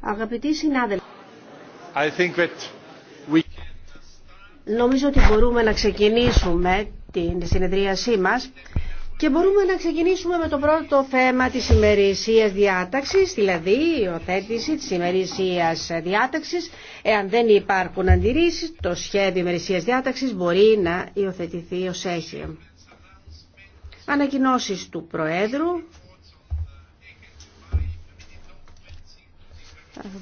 Αγαπητοί συνάδελφοι, νομίζω ότι μπορούμε να ξεκινήσουμε την συνεδρίασή μας και μπορούμε να ξεκινήσουμε με το πρώτο θέμα της ημερησίας διάταξης, δηλαδή η οθέτηση της ημερησίας διάταξης. Εάν δεν υπάρχουν αντιρρήσεις, το σχέδιο ημερησίας διάταξης μπορεί να υιοθετηθεί ως έχει. Ανακοινώσεις του Προέδρου.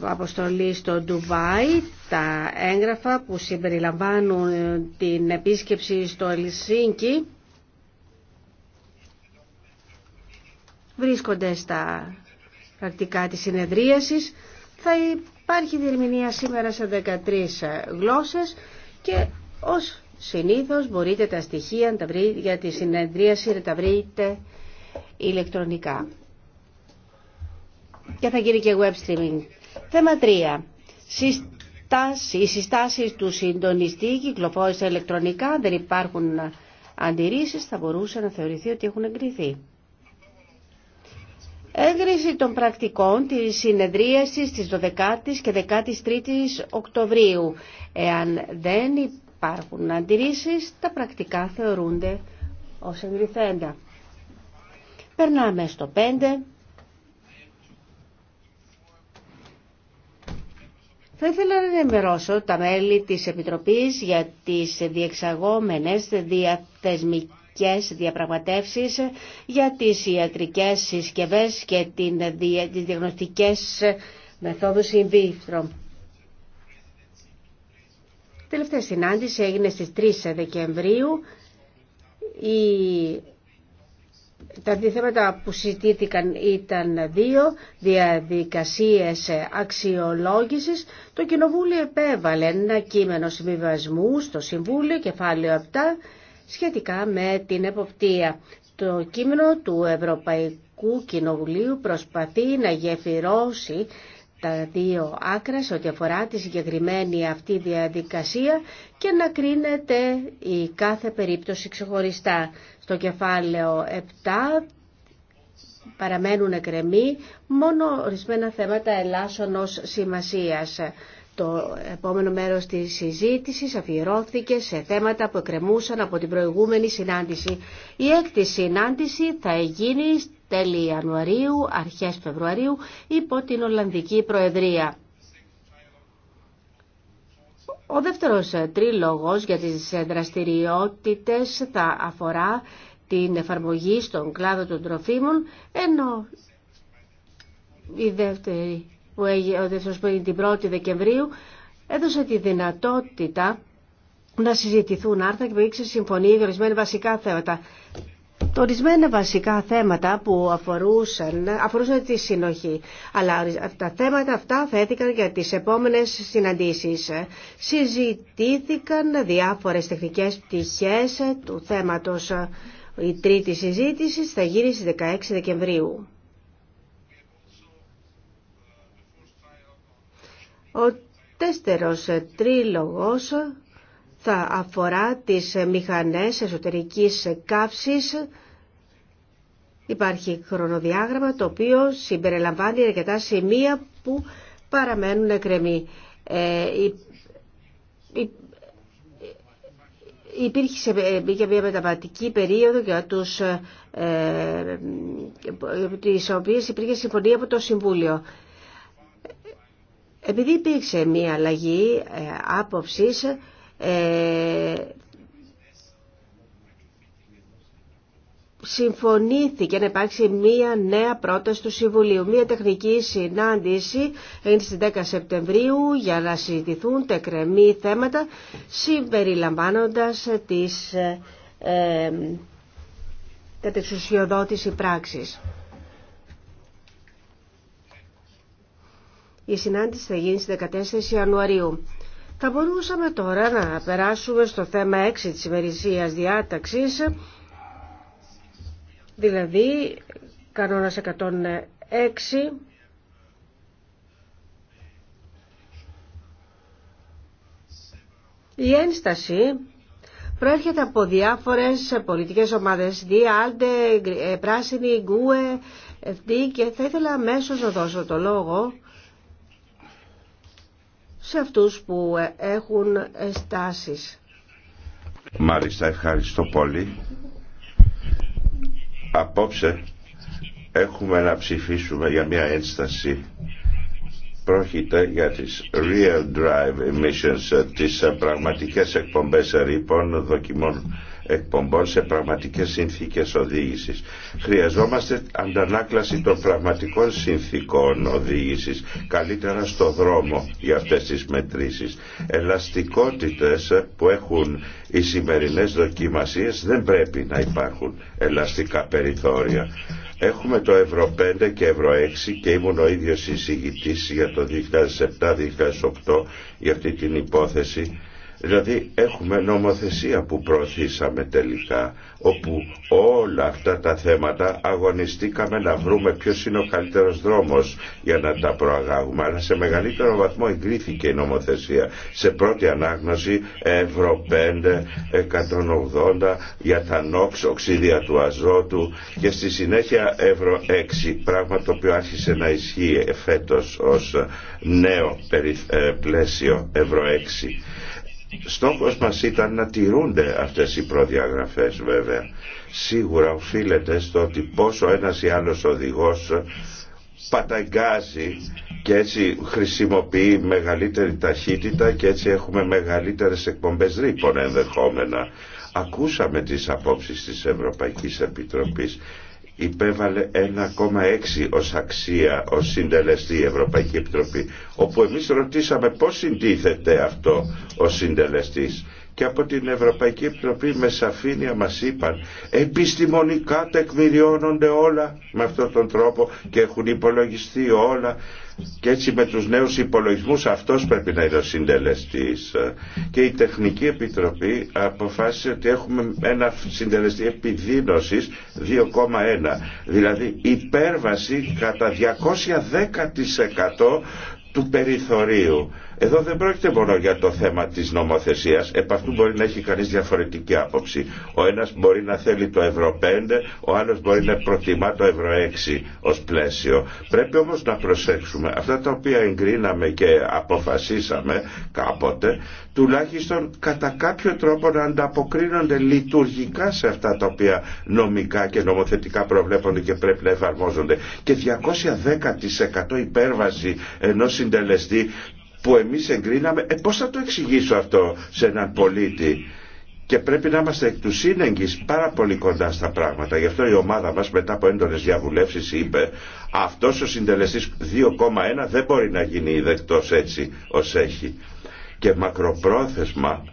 αποστολή στο Ντουβάι τα έγγραφα που συμπεριλαμβάνουν ε, την επίσκεψη στο Ελσίνκι βρίσκονται στα πρακτικά της συνεδρίασης θα υπάρχει διερμηνία σήμερα σε 13 ε, γλώσσες και ως συνήθως μπορείτε τα στοιχεία τα βρείτε για τη συνεδρίαση να τα βρείτε ηλεκτρονικά και θα γίνει και web streaming Θέμα 3. Οι συστάσει του συντονιστή κυκλοφόρησαν ηλεκτρονικά. Αν δεν υπάρχουν αντιρρήσει, θα μπορούσε να θεωρηθεί ότι έχουν εγκριθεί. Έγκριση των πρακτικών της συνεδρίασης τη 12 η και 13 η Οκτωβρίου. Εάν δεν υπάρχουν αντιρρήσεις, τα πρακτικά θεωρούνται ως εγκριθέντα. Περνάμε στο 5. Θα ήθελα να ενημερώσω τα μέλη της Επιτροπής για τις διεξαγόμενες διαθεσμικές διαπραγματεύσεις για τις ιατρικές συσκευές και τις διαγνωστικές μεθόδους in Τελευταία συνάντηση έγινε στις 3 Δεκεμβρίου τα αντιθέματα που συζητήθηκαν ήταν δύο διαδικασίες αξιολόγησης. Το Κοινοβούλιο επέβαλε ένα κείμενο συμβιβασμού στο Συμβούλιο, κεφάλαιο 7, σχετικά με την εποπτεία. Το κείμενο του Ευρωπαϊκού Κοινοβουλίου προσπαθεί να γεφυρώσει τα δύο άκρα σε ό,τι αφορά τη συγκεκριμένη αυτή διαδικασία και να κρίνεται η κάθε περίπτωση ξεχωριστά. Στο κεφάλαιο 7 παραμένουν εκκρεμοί μόνο ορισμένα θέματα ελάσσονος σημασίας. Το επόμενο μέρος της συζήτησης αφιερώθηκε σε θέματα που εκκρεμούσαν από την προηγούμενη συνάντηση. Η έκτη συνάντηση θα γίνει τέλη Ιανουαρίου, αρχές Φεβρουαρίου, υπό την Ολλανδική Προεδρία. Ο δεύτερος ε, τρίλογος για τις ε, δραστηριότητες θα αφορά την εφαρμογή στον κλάδο των τροφίμων, ενώ η δεύτερη, που έγινε, ο δεύτερος που έγινε την 1η Δεκεμβρίου έδωσε τη δυνατότητα να συζητηθούν άρθρα και που συμφωνία για ορισμένα βασικά θέματα. Ορισμένα βασικά θέματα που αφορούσαν, αφορούσαν τη συνοχή, αλλά τα θέματα αυτά θέθηκαν για τις επόμενες συναντήσεις. Συζητήθηκαν διάφορες τεχνικές πτυχές του θέματος. Η τρίτη συζήτηση θα γίνει στις 16 Δεκεμβρίου. Ο τέστερος τρίλογος θα αφορά τις μηχανές εσωτερικής καύσης. Υπάρχει χρονοδιάγραμμα το οποίο συμπεριλαμβάνει αρκετά σημεία που παραμένουν εκκρεμή. Ε, ε, υπήρχε μια μεταβατική περίοδο για τους, ε, ε, τις οποίες υπήρχε συμφωνία από το Συμβούλιο. Επειδή υπήρξε μια αλλαγή άποψης, ε, συμφωνήθηκε να υπάρξει μία νέα πρόταση του Συμβουλίου, μία τεχνική συνάντηση έγινε στις 10 Σεπτεμβρίου για να συζητηθούν τεκρεμή θέματα συμπεριλαμβάνοντας τις ε, κατεξουσιοδότηση ε, πράξης. Η συνάντηση θα γίνει στις 14 Ιανουαρίου. Θα μπορούσαμε τώρα να περάσουμε στο θέμα 6 της ημερησίας διάταξης, δηλαδή κανόνας 106, Η ένσταση προέρχεται από διάφορες πολιτικές ομάδες, ΔΙΑΛΤΕ, Πράσινη, ΓΚΟΥΕ, ΕΦΤΗ και θα ήθελα αμέσως να δώσω το λόγο σε αυτούς που ε, έχουν στάσεις. Μάλιστα, ευχαριστώ πολύ. Απόψε έχουμε να ψηφίσουμε για μια ένσταση πρόκειται για τις real drive emissions, τις ε, πραγματικές εκπομπές ρήπων δοκιμών εκπομπών σε πραγματικές συνθήκες οδήγησης. Χρειαζόμαστε αντανάκλαση των πραγματικών συνθήκων οδήγησης καλύτερα στο δρόμο για αυτές τις μετρήσεις. Ελαστικότητες που έχουν οι σημερινές δοκιμασίες δεν πρέπει να υπάρχουν ελαστικά περιθώρια. Έχουμε το Ευρω 5 και Ευρω 6 και ήμουν ο ίδιος εισηγητής για το 2007-2008 για αυτή την υπόθεση Δηλαδή έχουμε νομοθεσία που προωθήσαμε τελικά, όπου όλα αυτά τα θέματα αγωνιστήκαμε να βρούμε ποιος είναι ο καλύτερος δρόμος για να τα προαγάγουμε. Αλλά σε μεγαλύτερο βαθμό εγκρίθηκε η νομοθεσία. Σε πρώτη ανάγνωση Ευρω 5, 180 για τα νόξ, οξύδια του αζότου και στη συνέχεια Ευρω 6, πράγμα το οποίο άρχισε να ισχύει φέτος ως νέο ε, πλαίσιο Ευρω 6. Στόχος μας ήταν να τηρούνται αυτές οι προδιαγραφές βέβαια. Σίγουρα οφείλεται στο ότι πόσο ένας ή άλλος οδηγός παταγκάζει και έτσι χρησιμοποιεί μεγαλύτερη ταχύτητα και έτσι έχουμε μεγαλύτερες εκπομπές ρήπων ενδεχόμενα. Ακούσαμε τις απόψεις της Ευρωπαϊκής Επιτροπής υπέβαλε 1,6 ως αξία, ως συντελεστή η Ευρωπαϊκή Επιτροπή, όπου εμείς ρωτήσαμε πώς συντίθεται αυτό ο συντελεστής. Και από την Ευρωπαϊκή Επιτροπή με σαφήνεια μας είπαν επιστημονικά τεκμηριώνονται όλα με αυτόν τον τρόπο και έχουν υπολογιστεί όλα και έτσι με τους νέους υπολογισμούς αυτός πρέπει να είναι ο συντελεστής. Και η Τεχνική Επιτροπή αποφάσισε ότι έχουμε ένα συντελεστή επιδίνωσης 2,1. Δηλαδή υπέρβαση κατά 210% του περιθωρίου εδώ δεν πρόκειται μόνο για το θέμα της νομοθεσίας. Επ' αυτού μπορεί να έχει κανείς διαφορετική άποψη. Ο ένας μπορεί να θέλει το Ευρω 5, ο άλλος μπορεί να προτιμά το Ευρω 6 ως πλαίσιο. Πρέπει όμως να προσέξουμε αυτά τα οποία εγκρίναμε και αποφασίσαμε κάποτε, τουλάχιστον κατά κάποιο τρόπο να ανταποκρίνονται λειτουργικά σε αυτά τα οποία νομικά και νομοθετικά προβλέπονται και πρέπει να εφαρμόζονται. Και 210% υπέρβαση ενός συντελεστή που εμείς εγκρίναμε. Ε, πώς θα το εξηγήσω αυτό σε έναν πολίτη. Και πρέπει να είμαστε εκ του σύνεγγυς πάρα πολύ κοντά στα πράγματα. Γι' αυτό η ομάδα μας μετά από έντονες διαβουλεύσεις είπε αυτός ο συντελεστής 2,1 δεν μπορεί να γίνει δεκτός έτσι ως έχει. Και μακροπρόθεσμα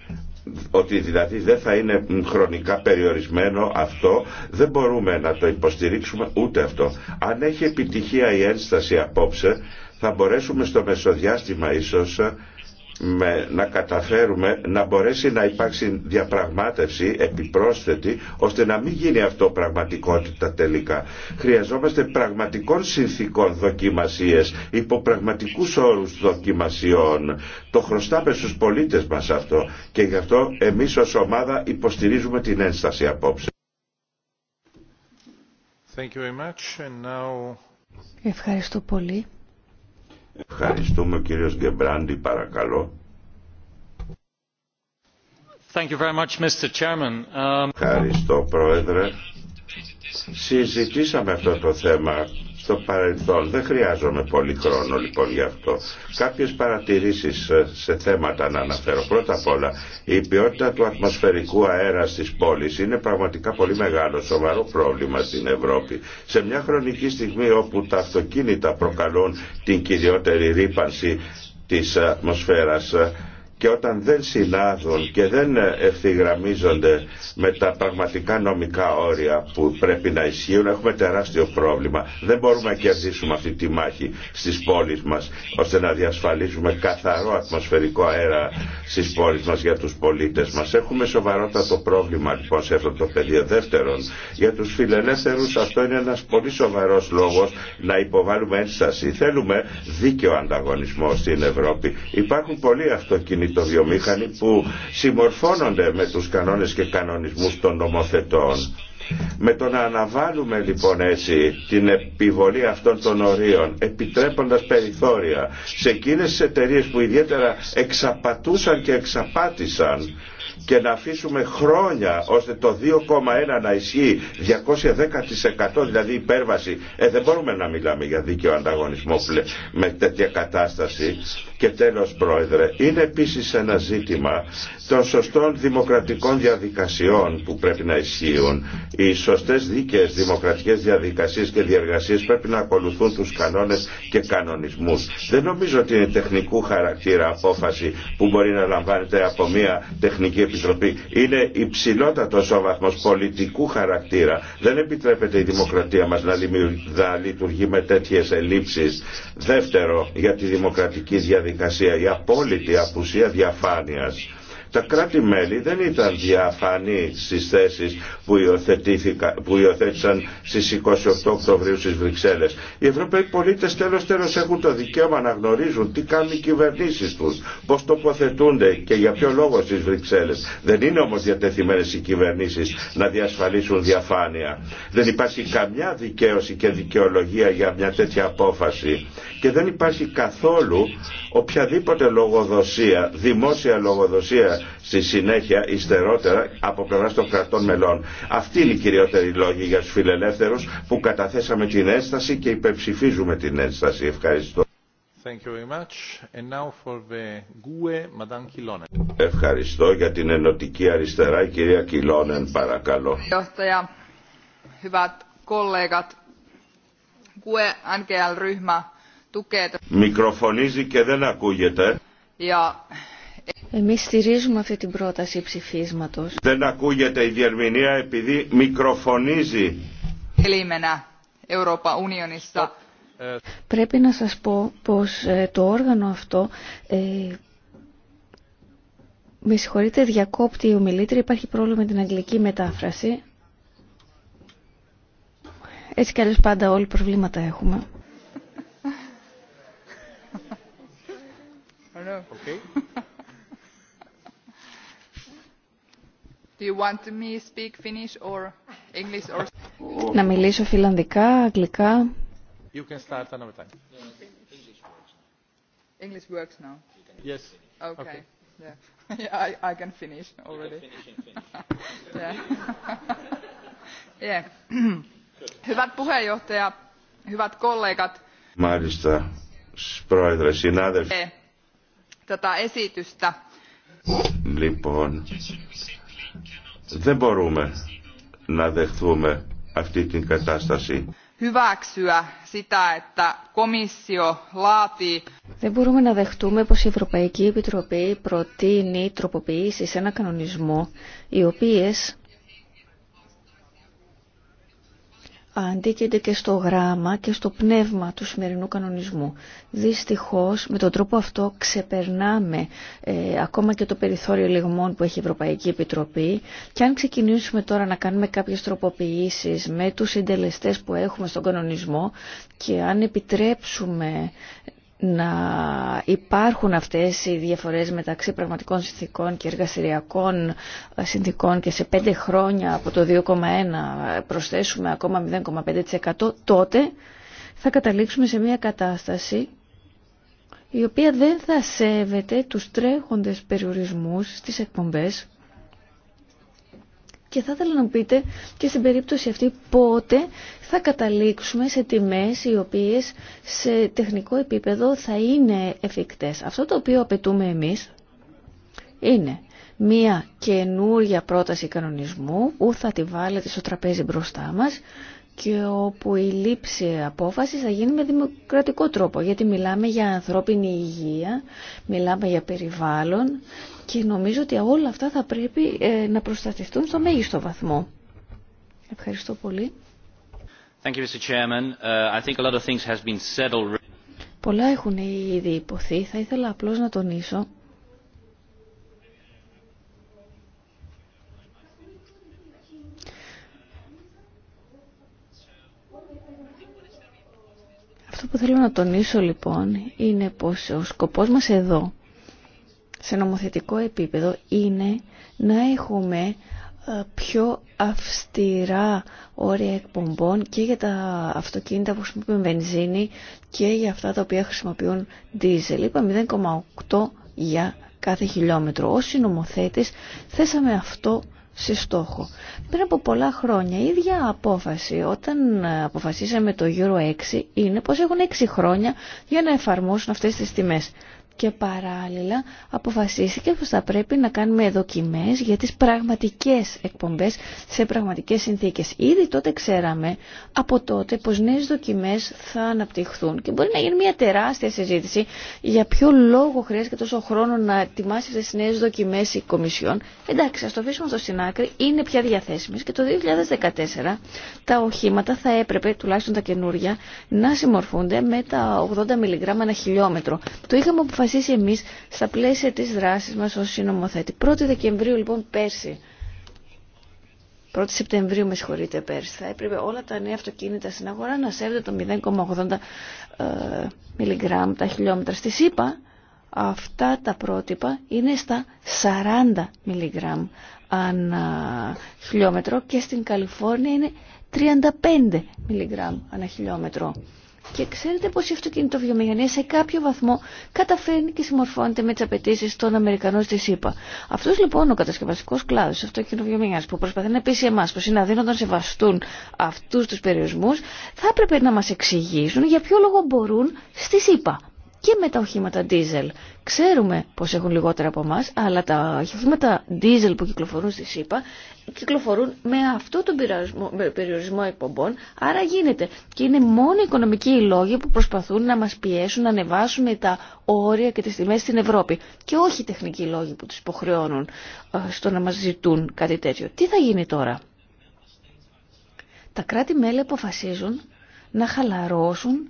ότι δηλαδή δεν θα είναι χρονικά περιορισμένο αυτό, δεν μπορούμε να το υποστηρίξουμε ούτε αυτό. Αν έχει επιτυχία η ένσταση απόψε, θα μπορέσουμε στο μεσοδιάστημα ίσως ε, να καταφέρουμε να μπορέσει να υπάρξει διαπραγμάτευση επιπρόσθετη ώστε να μην γίνει αυτό πραγματικότητα τελικά. Χρειαζόμαστε πραγματικών συνθήκων δοκιμασίες, υπό πραγματικούς όρους δοκιμασιών. Το χρωστάμε στους πολίτες μας αυτό και γι' αυτό εμείς ως ομάδα υποστηρίζουμε την ένσταση απόψε. Thank Ευχαριστώ πολύ. Ευχαριστούμε ο κύριος Γκεμπράντη παρακαλώ. Thank you very much, Mr. Chairman. Um, Ευχαριστώ πρόεδρε. Συζητήσαμε αυτό το θέμα στο παρελθόν. Δεν χρειάζομαι πολύ χρόνο λοιπόν γι' αυτό. Κάποιες παρατηρήσεις ε, σε θέματα να αναφέρω. Πρώτα απ' όλα, η ποιότητα του ατμοσφαιρικού αέρα στις πόλεις είναι πραγματικά πολύ μεγάλο, σοβαρό πρόβλημα στην Ευρώπη. Σε μια χρονική στιγμή όπου τα αυτοκίνητα προκαλούν την κυριότερη ρήπανση της ατμοσφαίρας ε, και όταν δεν συνάδουν και δεν ευθυγραμμίζονται με τα πραγματικά νομικά όρια που πρέπει να ισχύουν έχουμε τεράστιο πρόβλημα. Δεν μπορούμε να κερδίσουμε αυτή τη μάχη στις πόλεις μας ώστε να διασφαλίζουμε καθαρό ατμοσφαιρικό αέρα στις πόλεις μας για τους πολίτες μας. Έχουμε σοβαρότατο πρόβλημα λοιπόν σε αυτό το πεδίο. Δεύτερον, για τους φιλελεύθερους αυτό είναι ένας πολύ σοβαρός λόγος να υποβάλουμε ένσταση. Θέλουμε δίκαιο ανταγωνισμό στην Ευρώπη. Υπάρχουν πολλοί αυτοκίνητοι το βιομήχανη που συμμορφώνονται με τους κανόνες και κανονισμούς των νομοθετών. Με το να αναβάλουμε λοιπόν έτσι την επιβολή αυτών των ορίων, επιτρέποντας περιθώρια σε εκείνες τις εταιρείες που ιδιαίτερα εξαπατούσαν και εξαπάτησαν και να αφήσουμε χρόνια ώστε το 2,1 να ισχύει 210% δηλαδή υπέρβαση ε, δεν μπορούμε να μιλάμε για δίκαιο ανταγωνισμό με τέτοια κατάσταση και τέλος πρόεδρε είναι επίσης ένα ζήτημα των σωστών δημοκρατικών διαδικασιών που πρέπει να ισχύουν. Οι σωστές δίκαιες δημοκρατικές διαδικασίες και διεργασίες πρέπει να ακολουθούν τους κανόνες και κανονισμούς. Δεν νομίζω ότι είναι τεχνικού χαρακτήρα απόφαση που μπορεί να λαμβάνεται από μια τεχνική επιτροπή. Είναι υψηλότατος ο βαθμός πολιτικού χαρακτήρα. Δεν επιτρέπεται η δημοκρατία μας να, λειτουργεί με τέτοιες ελλείψεις. Δεύτερο, για τη δημοκρατική διαδικασία, η απόλυτη απουσία διαφάνειας τα κράτη-μέλη δεν ήταν διαφανή στις θέσεις που, που υιοθέτησαν στις 28 Οκτωβρίου στις Βρυξέλλες. Οι Ευρωπαίοι πολίτες τέλος τέλος έχουν το δικαίωμα να γνωρίζουν τι κάνουν οι κυβερνήσεις τους, πώς τοποθετούνται και για ποιο λόγο στις Βρυξέλλες. Δεν είναι όμως διατεθειμένες οι κυβερνήσεις να διασφαλίσουν διαφάνεια. Δεν υπάρχει καμιά δικαίωση και δικαιολογία για μια τέτοια απόφαση και δεν υπάρχει καθόλου οποιαδήποτε λογοδοσία, δημόσια λογοδοσία στη συνέχεια υστερότερα από πλευρά των κρατών μελών. Αυτή είναι η κυριότερη λόγη για του φιλελεύθερου, που καταθέσαμε την ένσταση και υπερψηφίζουμε την ένσταση. Ευχαριστώ. Thank you very much. And now for GUE, e, Ευχαριστώ για την ενωτική αριστερά, η κυρία Κιλόνεν, παρακαλώ. Hyvät kollegat, GUE-NGL-ryhmä Μικροφωνίζει και δεν ακούγεται. Εμεί Εμείς στηρίζουμε αυτή την πρόταση ψηφίσματος. Δεν ακούγεται η διερμηνία επειδή μικροφωνίζει. Πρέπει να σας πω πως ε, το όργανο αυτό ε, με συγχωρείτε, διακόπτει η ομιλήτρια, υπάρχει πρόβλημα με την αγγλική μετάφραση. Έτσι κι αλλιώς πάντα όλοι προβλήματα έχουμε. Okay. Do you want me speak Finnish or English or? Να μιλήσω φιλανδικά, αγγλικά. You can start another time. English works. now. Yes. Okay. okay. Yeah. yeah, I, I can finish already. yeah. yeah. Hyvät puheenjohtaja, hyvät kollegat. Marista. Πρόεδρε, συνάδελφοι. Ε, tota λοιπόν, δεν μπορούμε να δεχθούμε αυτή την κατάσταση. Δεν μπορούμε να δεχτούμε πως η Ευρωπαϊκή Επιτροπή προτείνει τροποποίησει σε ένα κανονισμό οι οποίες αντίκενται και στο γράμμα και στο πνεύμα του σημερινού κανονισμού. Δυστυχώς με τον τρόπο αυτό ξεπερνάμε ε, ακόμα και το περιθώριο λιγμών που έχει η Ευρωπαϊκή Επιτροπή και αν ξεκινήσουμε τώρα να κάνουμε κάποιες τροποποιήσεις με τους συντελεστές που έχουμε στον κανονισμό και αν επιτρέψουμε να υπάρχουν αυτές οι διαφορές μεταξύ πραγματικών συνθήκων και εργασιακών συνθήκων και σε πέντε χρόνια από το 2,1 προσθέσουμε ακόμα 0,5% τότε θα καταλήξουμε σε μια κατάσταση η οποία δεν θα σέβεται τους τρέχοντες περιορισμούς στις εκπομπές και θα ήθελα να πείτε και στην περίπτωση αυτή πότε θα καταλήξουμε σε τιμές οι οποίες σε τεχνικό επίπεδο θα είναι εφικτές. Αυτό το οποίο απαιτούμε εμείς είναι μία καινούργια πρόταση κανονισμού που θα τη βάλετε στο τραπέζι μπροστά μας και όπου η λήψη απόφαση θα γίνει με δημοκρατικό τρόπο, γιατί μιλάμε για ανθρώπινη υγεία, μιλάμε για περιβάλλον και νομίζω ότι όλα αυτά θα πρέπει ε, να προστατευτούν στο μέγιστο βαθμό. Ευχαριστώ πολύ. Πολλά έχουν ήδη υποθεί. Θα ήθελα απλώς να τονίσω Αυτό που θέλω να τονίσω λοιπόν είναι πως ο σκοπός μας εδώ, σε νομοθετικό επίπεδο, είναι να έχουμε ε, πιο αυστηρά όρια εκπομπών και για τα αυτοκίνητα που χρησιμοποιούν βενζίνη και για αυτά τα οποία χρησιμοποιούν δίζελ. Είπα 0,8 για κάθε χιλιόμετρο. Όσοι νομοθέτες θέσαμε αυτό σε στόχο. Πριν από πολλά χρόνια η ίδια απόφαση όταν ε, αποφασίσαμε το Euro 6 είναι πως έχουν 6 χρόνια για να εφαρμόσουν αυτές τις τιμές και παράλληλα αποφασίστηκε πως θα πρέπει να κάνουμε δοκιμές για τις πραγματικές εκπομπές σε πραγματικές συνθήκες. Ήδη τότε ξέραμε από τότε πως νέες δοκιμές θα αναπτυχθούν και μπορεί να γίνει μια τεράστια συζήτηση για ποιο λόγο χρειάζεται τόσο χρόνο να ετοιμάσει αυτές τις νέες δοκιμές η Κομισιόν. Εντάξει, ας το αφήσουμε αυτό στην άκρη, είναι πια διαθέσιμες και το 2014 τα οχήματα θα έπρεπε, τουλάχιστον τα καινούρια, να συμμορφούνται με τα 80 μιλιγκράμμα ένα χιλιόμετρο. Το είχαμε αποφασίσει αποφασίσει εμείς στα πλαίσια της δράσης μας ως συνομοθέτη. 1η Δεκεμβρίου λοιπόν πέρσι 1η Σεπτεμβρίου, με συγχωρείτε, πέρσι, θα έπρεπε όλα τα νέα αυτοκίνητα στην αγορά να σέβονται το 0,80 ε, μιλιγκράμμ τα χιλιόμετρα. Στη ΣΥΠΑ αυτά τα πρότυπα είναι στα 40 μιλιγκράμμ ανά χιλιόμετρο και στην Καλιφόρνια είναι 35 μιλιγκράμμ ανά χιλιόμετρο. Και ξέρετε πως η αυτοκινητοβιομηχανία σε κάποιο βαθμό καταφέρνει και συμμορφώνεται με τι απαιτήσει των Αμερικανών στη ΣΥΠΑ. Αυτό λοιπόν ο κατασκευαστικό κλάδο τη αυτοκινητοβιομηχανία που προσπαθεί να πείσει εμά πω είναι αδύνατο να σεβαστούν αυτού του περιορισμού, θα έπρεπε να μα εξηγήσουν για ποιο λόγο μπορούν στη ΣΥΠΑ και με τα οχήματα diesel. Ξέρουμε πως έχουν λιγότερα από εμά, αλλά τα οχήματα diesel που κυκλοφορούν στη ΣΥΠΑ κυκλοφορούν με αυτό τον περιορισμό εκπομπών, άρα γίνεται. Και είναι μόνο οι οικονομικοί λόγοι που προσπαθούν να μας πιέσουν να ανεβάσουν τα όρια και τις τιμές στην Ευρώπη και όχι οι τεχνικοί λόγοι που τους υποχρεώνουν ε, στο να μας ζητούν κάτι τέτοιο. Τι θα γίνει τώρα. Τα κράτη-μέλη αποφασίζουν να χαλαρώσουν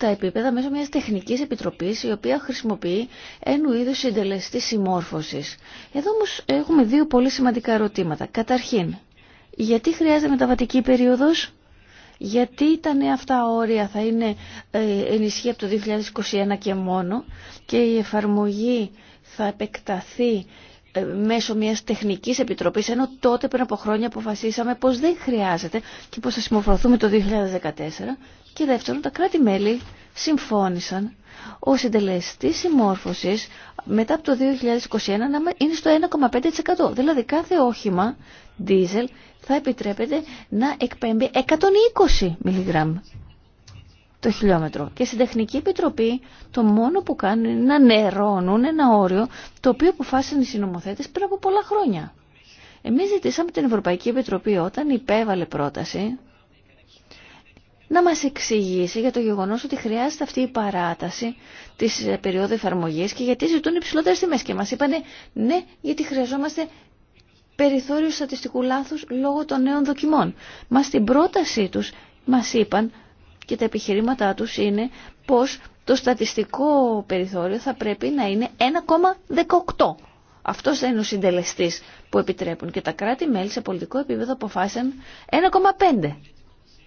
τα επίπεδα μέσω μιας τεχνικής επιτροπής η οποία χρησιμοποιεί ένου είδους συντελεστή συμμόρφωσης. Εδώ όμως έχουμε δύο πολύ σημαντικά ερωτήματα. Καταρχήν, γιατί χρειάζεται μεταβατική περίοδος, γιατί τα νέα αυτά όρια θα είναι ε, ενισχύ από το 2021 και μόνο και η εφαρμογή θα επεκταθεί ε, μέσω μιας τεχνικής επιτροπής, ενώ τότε πριν από χρόνια αποφασίσαμε πως δεν χρειάζεται και πως θα συμμορφωθούμε το 2014. Και δεύτερον, τα κράτη-μέλη συμφώνησαν ο συντελεστής συμμόρφωσης μετά από το 2021 να είναι στο 1,5%. Δηλαδή κάθε όχημα δίζελ θα επιτρέπεται να εκπέμπει 120 μιλιγκράμμ το χιλιόμετρο. Και στην Τεχνική Επιτροπή το μόνο που κάνουν είναι να νερώνουν ένα όριο το οποίο αποφάσισαν οι συνομοθέτες πριν από πολλά χρόνια. Εμείς ζητήσαμε την Ευρωπαϊκή Επιτροπή όταν υπέβαλε πρόταση να μας εξηγήσει για το γεγονός ότι χρειάζεται αυτή η παράταση της ε, περίοδου εφαρμογής και γιατί ζητούν υψηλότερες τιμέ Και μας είπανε ναι γιατί χρειαζόμαστε περιθώριο στατιστικού λάθους λόγω των νέων δοκιμών. Μα στην πρότασή τους μας είπαν και τα επιχειρήματά τους είναι πως το στατιστικό περιθώριο θα πρέπει να είναι 1,18. Αυτός δεν είναι ο συντελεστής που επιτρέπουν και τα κράτη-μέλη σε πολιτικό επίπεδο αποφάσισαν 1,5.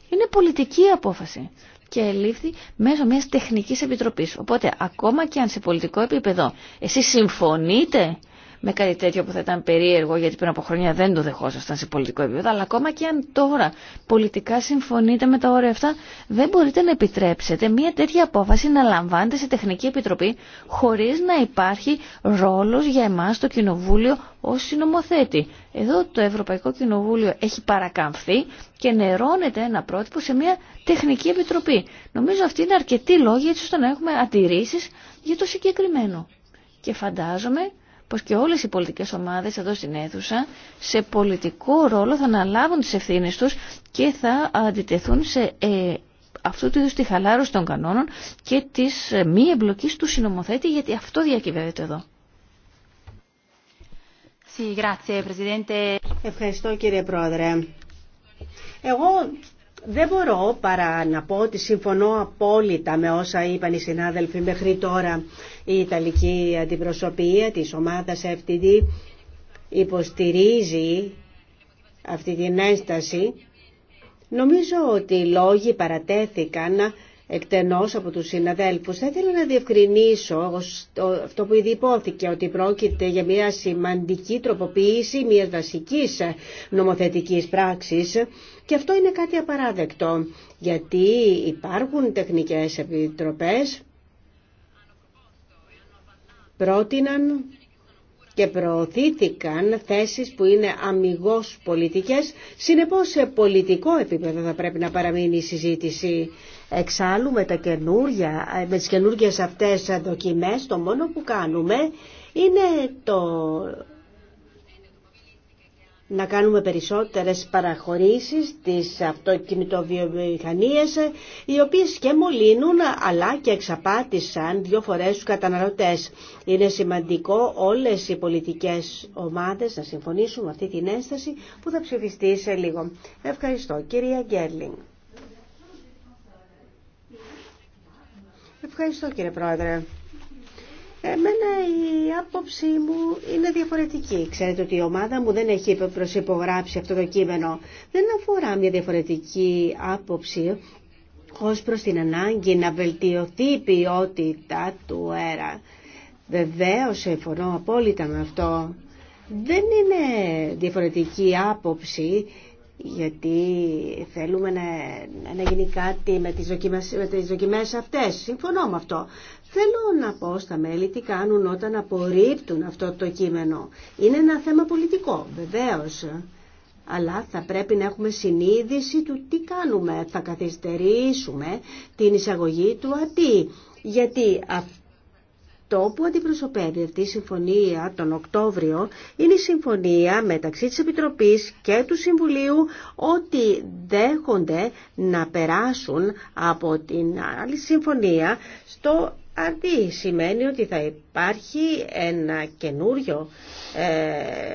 Είναι πολιτική απόφαση και ελήφθη μέσω μιας τεχνικής επιτροπής. Οπότε ακόμα και αν σε πολιτικό επίπεδο εσείς συμφωνείτε με κάτι τέτοιο που θα ήταν περίεργο γιατί πριν από χρόνια δεν το δεχόσασταν σε πολιτικό επίπεδο αλλά ακόμα και αν τώρα πολιτικά συμφωνείτε με τα όρια αυτά δεν μπορείτε να επιτρέψετε μια τέτοια απόφαση να λαμβάνετε σε τεχνική επιτροπή χωρί να υπάρχει ρόλο για εμά το Κοινοβούλιο ω συνομοθέτη. Εδώ το Ευρωπαϊκό Κοινοβούλιο έχει παρακαμφθεί και νερώνεται ένα πρότυπο σε μια τεχνική επιτροπή. Νομίζω αυτή είναι αρκετή λόγια έτσι ώστε να έχουμε αντιρρήσει για το συγκεκριμένο. Και φαντάζομαι πως και όλες οι πολιτικές ομάδες εδώ στην αίθουσα σε πολιτικό ρόλο θα αναλάβουν τις ευθύνες τους και θα αντιτεθούν σε ε, αυτού του είδους τη χαλάρωση των κανόνων και της ε, μη εμπλοκής του συνομοθέτη γιατί αυτό διακυβεύεται εδώ. Ευχαριστώ κύριε Πρόεδρε. Εγώ δεν μπορώ παρά να πω ότι συμφωνώ απόλυτα με όσα είπαν οι συνάδελφοι μέχρι τώρα. Η Ιταλική Αντιπροσωπεία της ομάδας FTD υποστηρίζει αυτή την ένσταση. Νομίζω ότι οι λόγοι παρατέθηκαν εκτενώς από τους συναδέλφους. Θα ήθελα να διευκρινίσω αυτό που ήδη υπόθηκε, ότι πρόκειται για μια σημαντική τροποποίηση μιας βασικής νομοθετικής πράξης και αυτό είναι κάτι απαράδεκτο, γιατί υπάρχουν τεχνικές επιτροπές πρότειναν και προωθήθηκαν θέσεις που είναι αμυγός πολιτικές, συνεπώς σε πολιτικό επίπεδο θα πρέπει να παραμείνει η συζήτηση. Εξάλλου με, τα καινούργια, με τις καινούργιες αυτές δοκιμές το μόνο που κάνουμε είναι το να κάνουμε περισσότερες παραχωρήσεις της αυτοκινητοβιομηχανίες οι οποίες και μολύνουν αλλά και εξαπάτησαν δύο φορές τους καταναλωτές. Είναι σημαντικό όλες οι πολιτικές ομάδες να συμφωνήσουν με αυτή την έσταση που θα ψηφιστεί σε λίγο. Ευχαριστώ. Κυρία Γκέρλινγκ. Ευχαριστώ κύριε Πρόεδρε. Εμένα η άποψή μου είναι διαφορετική. Ξέρετε ότι η ομάδα μου δεν έχει προσυπογράψει αυτό το κείμενο. Δεν αφορά μια διαφορετική άποψη ως προς την ανάγκη να βελτιωθεί η ποιότητα του αέρα. Βεβαίως συμφωνώ απόλυτα με αυτό. Δεν είναι διαφορετική άποψη γιατί θέλουμε να, γίνει κάτι με τις, δοκιμασ... με τις δοκιμές αυτές. Συμφωνώ με αυτό. Θέλω να πω στα μέλη τι κάνουν όταν απορρίπτουν αυτό το κείμενο. Είναι ένα θέμα πολιτικό, βεβαίως. Αλλά θα πρέπει να έχουμε συνείδηση του τι κάνουμε. Θα καθυστερήσουμε την εισαγωγή του ΑΤΗ. Γιατί αυτό που αντιπροσωπεύει αυτή η συμφωνία τον Οκτώβριο είναι η συμφωνία μεταξύ της Επιτροπής και του Συμβουλίου ότι δέχονται να περάσουν από την άλλη συμφωνία στο αντί σημαίνει ότι θα υπάρχει ένα καινούριο ε,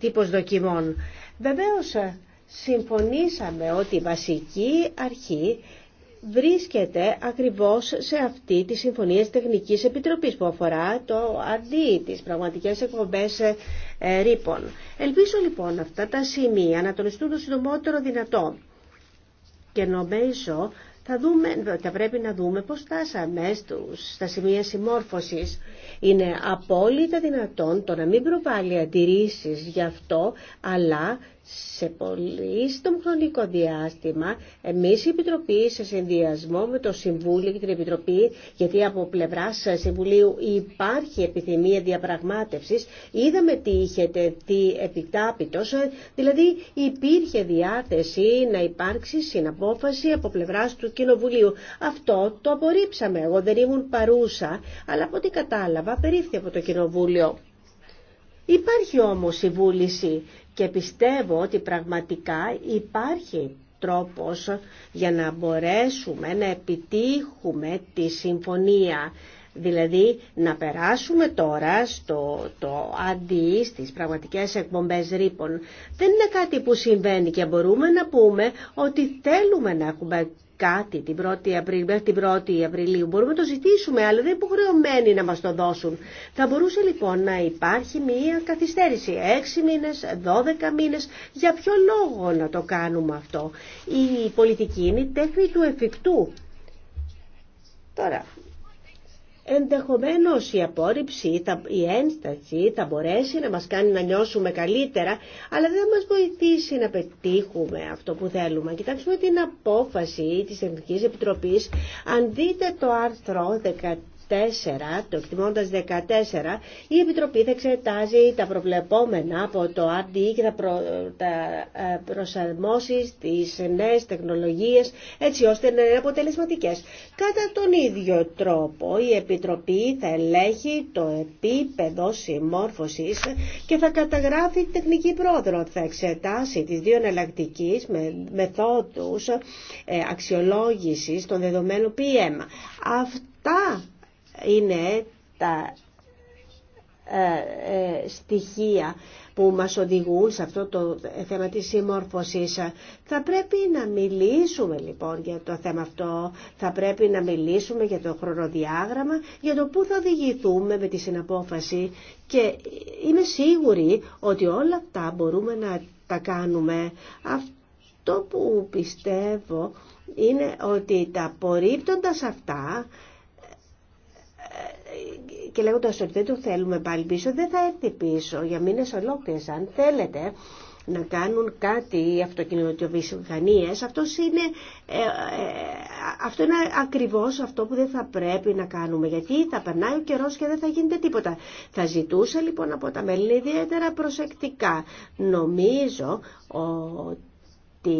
τύπος δοκιμών. Βεβαίως συμφωνήσαμε ότι η βασική αρχή βρίσκεται ακριβώς σε αυτή τη Συμφωνία Τεχνικής Επιτροπής που αφορά το αντί της πραγματικές εκπομπές ε, ρήπων. Ελπίζω λοιπόν αυτά τα σημεία να τονιστούν το συντομότερο δυνατό και νομίζω θα, δούμε, πρέπει να δούμε πώς φτάσαμε στους, στα σημεία συμμόρφωσης. Είναι απόλυτα δυνατόν το να μην προβάλλει αντιρρήσεις γι' αυτό, αλλά σε πολύ σύντομο χρονικό διάστημα εμεί η Επιτροπή σε συνδυασμό με το Συμβούλιο και την Επιτροπή γιατί από πλευράς Συμβουλίου υπάρχει επιθυμία διαπραγμάτευσης είδαμε τι είχε τεθεί επιτάπητο, δηλαδή υπήρχε διάθεση να υπάρξει συναπόφαση από πλευράς του Κοινοβουλίου αυτό το απορρίψαμε εγώ δεν ήμουν παρούσα αλλά από ό,τι κατάλαβα περίφθη από το Κοινοβούλιο Υπάρχει όμως η βούληση και πιστεύω ότι πραγματικά υπάρχει τρόπος για να μπορέσουμε να επιτύχουμε τη συμφωνία. Δηλαδή να περάσουμε τώρα στο το αντί στις πραγματικές εκπομπές ρήπων. Δεν είναι κάτι που συμβαίνει και μπορούμε να πούμε ότι θέλουμε να έχουμε κάτι την 1η Απριλίου, μέχρι την 1η Απριλίου. Μπορούμε να το ζητήσουμε, αλλά δεν είναι υποχρεωμένοι να μας το δώσουν. Θα μπορούσε λοιπόν να υπάρχει μία καθυστέρηση, Έξι μήνες, 12 μήνες. Για ποιο λόγο να το κάνουμε αυτό. Η πολιτική είναι η τέχνη του εφικτού. Τώρα, Ενδεχομένως η απόρριψη, η ένσταση θα μπορέσει να μας κάνει να νιώσουμε καλύτερα, αλλά δεν μας βοηθήσει να πετύχουμε αυτό που θέλουμε. Κοιτάξτε την απόφαση της Εθνικής Επιτροπής. Αν δείτε το άρθρο το εκτιμώντα 14, η Επιτροπή θα εξετάζει τα προβλεπόμενα από το RDE και θα τα ε, προσαρμόσει τις νέες τεχνολογίες έτσι ώστε να είναι αποτελεσματικές. Κατά τον ίδιο τρόπο η Επιτροπή θα ελέγχει το επίπεδο συμμόρφωσης και θα καταγράφει τεχνική πρόοδο. Θα εξετάσει τις δύο εναλλακτικέ μεθόδους ε, αξιολόγησης των δεδομένων PM. Αυτά είναι τα ε, ε, στοιχεία που μας οδηγούν σε αυτό το θέμα της συμμόρφωσης. Θα πρέπει να μιλήσουμε λοιπόν για το θέμα αυτό, θα πρέπει να μιλήσουμε για το χρονοδιάγραμμα, για το πού θα οδηγηθούμε με τη συναπόφαση και είμαι σίγουρη ότι όλα αυτά μπορούμε να τα κάνουμε. Αυτό που πιστεύω είναι ότι τα απορρίπτοντας αυτά και λέγοντα ότι δεν το θέλουμε πάλι πίσω, δεν θα έρθει πίσω για μήνες ολόκληρε. Αν θέλετε να κάνουν κάτι οι αυτοκινητοβιομηχανίε, αυτό είναι, ε, ε, αυτό είναι ακριβώς αυτό που δεν θα πρέπει να κάνουμε, γιατί θα περνάει ο καιρός και δεν θα γίνεται τίποτα. Θα ζητούσα λοιπόν από τα μέλη ιδιαίτερα προσεκτικά. Νομίζω ότι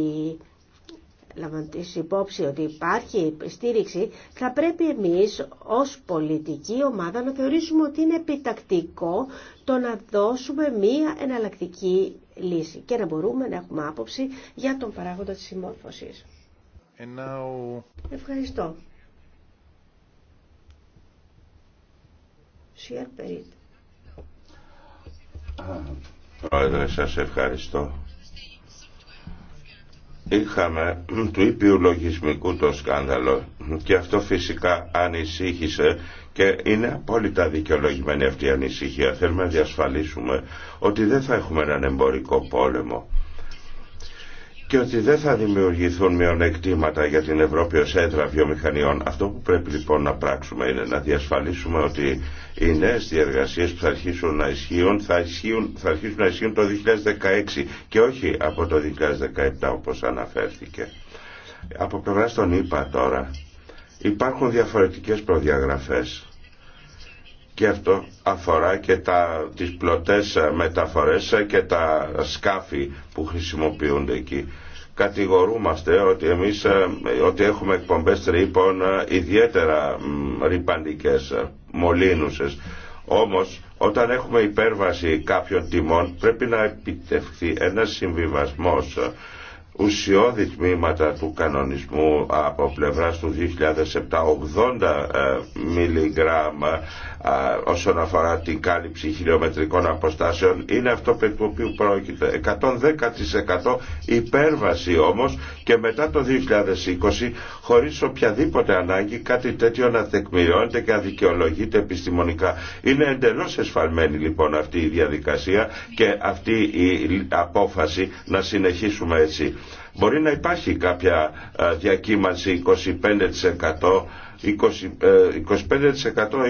λαμβαντής υπόψη ότι υπάρχει στήριξη, θα πρέπει εμείς ως πολιτική ομάδα να θεωρήσουμε ότι είναι επιτακτικό το να δώσουμε μία εναλλακτική λύση και να μπορούμε να έχουμε άποψη για τον παράγοντα της συμμόρφωσης. Now... Ευχαριστώ. Πρόεδρε, σας ευχαριστώ είχαμε του ήπιου λογισμικού το σκάνδαλο και αυτό φυσικά ανησύχησε και είναι απόλυτα δικαιολογημένη αυτή η ανησυχία. Θέλουμε να διασφαλίσουμε ότι δεν θα έχουμε έναν εμπορικό πόλεμο και ότι δεν θα δημιουργηθούν μειονεκτήματα για την Ευρώπη ως έντρα βιομηχανιών. Αυτό που πρέπει λοιπόν να πράξουμε είναι να διασφαλίσουμε ότι οι νέες διεργασίες που θα αρχίσουν να ισχύουν θα, ισχύουν, θα αρχίσουν να ισχύουν το 2016 και όχι από το 2017 όπως αναφέρθηκε. Από πλευρά στον ΗΠΑ τώρα υπάρχουν διαφορετικές προδιαγραφές και αυτό αφορά και τα, τις πλωτές μεταφορές και τα σκάφη που χρησιμοποιούνται εκεί. Κατηγορούμαστε ότι εμείς ε, ότι έχουμε εκπομπές τρύπων ε, ιδιαίτερα ρηπαντικές, ε, μολύνουσες. Όμως όταν έχουμε υπέρβαση κάποιων τιμών πρέπει να επιτευχθεί ένας συμβιβασμός ουσιώδη τμήματα του κανονισμού από πλευράς του 2007 80 μιλιγκράμμα όσον αφορά την κάλυψη χιλιομετρικών αποστάσεων είναι αυτό περί του οποίου πρόκειται 110% υπέρβαση όμως και μετά το 2020 χωρίς οποιαδήποτε ανάγκη κάτι τέτοιο να τεκμηριώνεται και να δικαιολογείται επιστημονικά είναι εντελώς εσφαλμένη λοιπόν αυτή η διαδικασία και αυτή η απόφαση να συνεχίσουμε έτσι Μπορεί να υπάρχει κάποια διακύμανση 25%. 25% ε,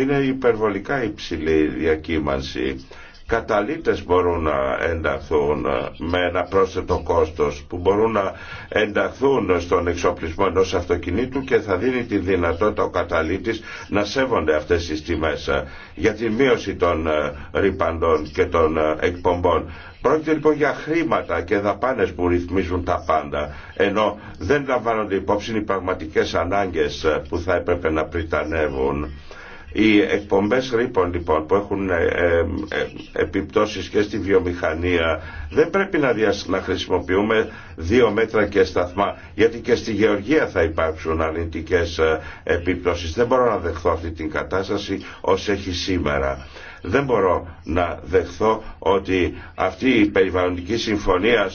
είναι υπερβολικά υψηλή διακύμανση καταλήτες μπορούν να ενταχθούν ε, με ένα πρόσθετο κόστος που μπορούν να ενταχθούν στον εξοπλισμό ενός αυτοκινήτου και θα δίνει τη δυνατότητα ο καταλήτης να σέβονται αυτές τις τιμές ε, για τη μείωση των ε, ρηπαντών και των εκπομπών. Πρόκειται λοιπόν για χρήματα και δαπάνες που ρυθμίζουν τα πάντα, ενώ δεν λαμβάνονται υπόψη οι πραγματικές ανάγκες που θα έπρεπε να πριτανεύουν. Οι εκπομπές ρήπων λοιπόν που έχουν ε, ε, ε, επιπτώσεις και στη βιομηχανία δεν πρέπει να, να χρησιμοποιούμε δύο μέτρα και σταθμά γιατί και στη γεωργία θα υπάρξουν αρνητικές επιπτώσεις. Δεν μπορώ να δεχθώ αυτή την κατάσταση όσο έχει σήμερα. Δεν μπορώ να δεχθώ ότι αυτή η περιβαλλοντική συμφωνία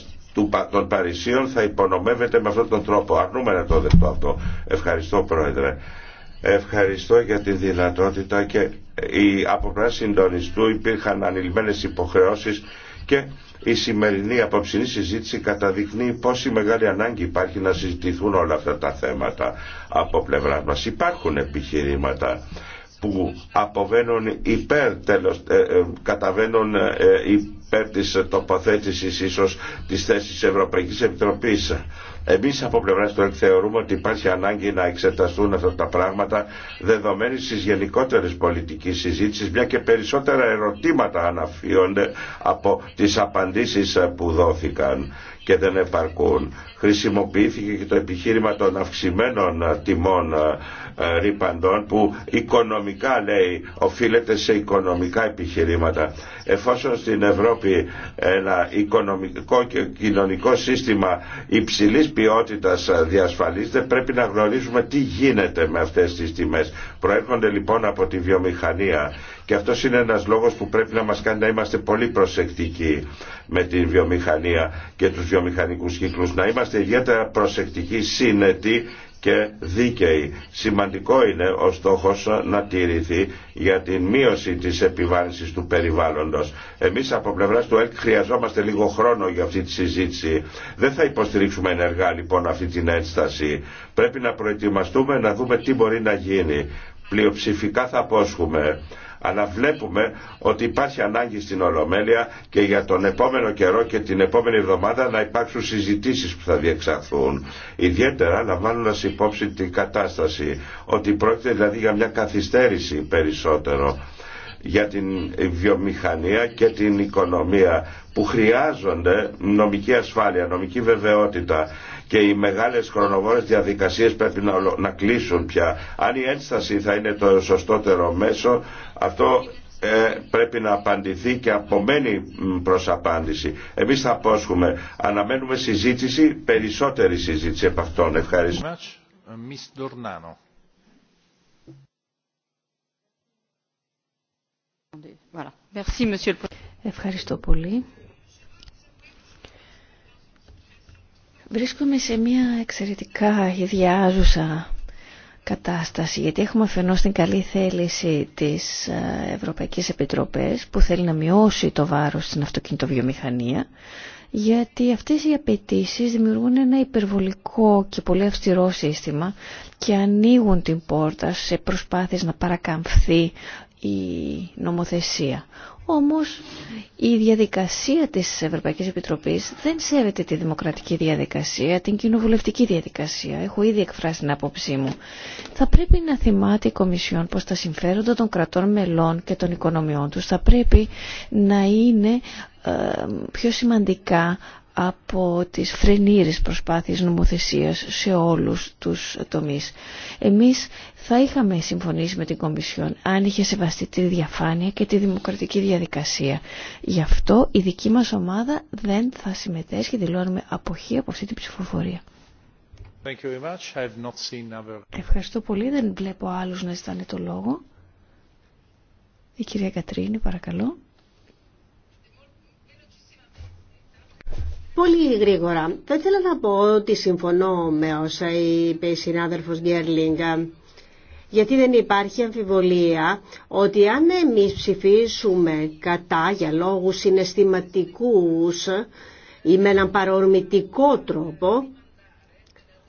των Παρισίων θα υπονομεύεται με αυτόν τον τρόπο. Αρνούμε να το δεχτώ αυτό. Ευχαριστώ Πρόεδρε. Ευχαριστώ για τη δυνατότητα και οι αποπράσεις συντονιστού υπήρχαν ανηλυμένες υποχρεώσεις και η σημερινή απόψινή συζήτηση καταδεικνύει πόση μεγάλη ανάγκη υπάρχει να συζητηθούν όλα αυτά τα θέματα από πλευρά μας. Υπάρχουν επιχειρήματα που αποβαίνουν υπέρ, τέλος, ε, ε, καταβαίνουν υπέρ ε, υπέρ της τοποθέτησης ίσως της θέσης της Ευρωπαϊκής Επιτροπής. Εμείς από πλευράς του θεωρούμε ότι υπάρχει ανάγκη να εξεταστούν αυτά τα πράγματα δεδομένης της γενικότερης πολιτικής συζήτησης μια και περισσότερα ερωτήματα αναφύονται από τις απαντήσεις που δόθηκαν και δεν επαρκούν. Χρησιμοποιήθηκε και το επιχείρημα των αυξημένων τιμών ε, ρήπαντων που οικονομικά λέει οφείλεται σε οικονομικά επιχειρήματα. Εφόσον στην Ευρώπη Ευρώπη ένα οικονομικό και κοινωνικό σύστημα υψηλής ποιότητας διασφαλίζεται πρέπει να γνωρίζουμε τι γίνεται με αυτές τις τιμές. Προέρχονται λοιπόν από τη βιομηχανία και αυτό είναι ένας λόγος που πρέπει να μας κάνει να είμαστε πολύ προσεκτικοί με τη βιομηχανία και τους βιομηχανικούς κύκλους. Να είμαστε ιδιαίτερα προσεκτικοί, σύνετοι και δίκαιοι. Σημαντικό είναι ο στόχος να τηρηθεί για την μείωση της επιβάρυνσης του περιβάλλοντος. Εμείς από πλευράς του ΕΛΚ χρειαζόμαστε λίγο χρόνο για αυτή τη συζήτηση. Δεν θα υποστηρίξουμε ενεργά λοιπόν αυτή την ένσταση. Πρέπει να προετοιμαστούμε να δούμε τι μπορεί να γίνει. Πλειοψηφικά θα απόσχουμε αλλά βλέπουμε ότι υπάρχει ανάγκη στην Ολομέλεια και για τον επόμενο καιρό και την επόμενη εβδομάδα να υπάρξουν συζητήσεις που θα διεξαχθούν. Ιδιαίτερα λαμβάνοντα υπόψη την κατάσταση, ότι πρόκειται δηλαδή για μια καθυστέρηση περισσότερο για την βιομηχανία και την οικονομία που χρειάζονται νομική ασφάλεια, νομική βεβαιότητα και οι μεγάλες χρονοβόρες διαδικασίες πρέπει να, να κλείσουν πια. Αν η ένσταση θα είναι το σωστότερο μέσο, αυτό ε, πρέπει να απαντηθεί και απομένει προς απάντηση. Εμείς θα απόσχουμε. Αναμένουμε συζήτηση, περισσότερη συζήτηση από αυτόν. Ευχαριστώ. Ευχαριστώ πολύ. Βρίσκομαι σε μια εξαιρετικά ιδιάζουσα κατάσταση γιατί έχουμε αφενός την καλή θέληση της ε, Ευρωπαϊκής Επιτροπής που θέλει να μειώσει το βάρος στην αυτοκινητοβιομηχανία γιατί αυτές οι απαιτήσει δημιουργούν ένα υπερβολικό και πολύ αυστηρό σύστημα και ανοίγουν την πόρτα σε προσπάθειες να παρακαμφθεί η νομοθεσία. Όμως η διαδικασία της Ευρωπαϊκής Επιτροπής δεν σέβεται τη δημοκρατική διαδικασία, την κοινοβουλευτική διαδικασία. Έχω ήδη εκφράσει την άποψή μου. Θα πρέπει να θυμάται η Κομισιόν πως τα συμφέροντα των κρατών μελών και των οικονομιών τους θα πρέπει να είναι ε, πιο σημαντικά από τις φρενήρες προσπάθειες νομοθεσίας σε όλους τους τομείς. Εμείς θα είχαμε συμφωνήσει με την Κομισιόν αν είχε σεβαστεί τη διαφάνεια και τη δημοκρατική διαδικασία. Γι' αυτό η δική μας ομάδα δεν θα συμμετέσχει, δηλώνουμε αποχή από αυτή την ψηφοφορία. Ευχαριστώ πολύ, δεν βλέπω άλλους να ζητάνε το λόγο. Η κυρία Κατρίνη, παρακαλώ. Πολύ γρήγορα. Θα ήθελα να πω ότι συμφωνώ με όσα είπε η συνάδελφος Γκέρλινγκ γιατί δεν υπάρχει αμφιβολία ότι αν εμείς ψηφίσουμε κατά για λόγους συναισθηματικούς ή με έναν παρορμητικό τρόπο,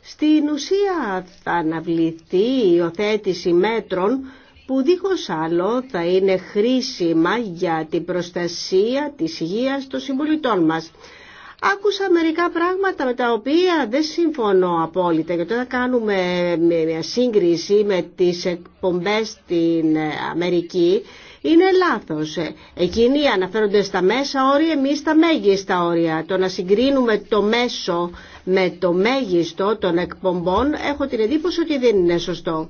στην ουσία θα αναβληθεί η υιοθέτηση μέτρων που δίχως άλλο θα είναι χρήσιμα για την προστασία της υγείας των συμπολιτών μας άκουσα μερικά πράγματα με τα οποία δεν συμφωνώ απόλυτα γιατί όταν κάνουμε μια σύγκριση με τις εκπομπές στην Αμερική είναι λάθος. Εκείνοι αναφέρονται στα μέσα όρια, εμείς στα μέγιστα όρια. Το να συγκρίνουμε το μέσο με το μέγιστο των εκπομπών έχω την εντύπωση ότι δεν είναι σωστό.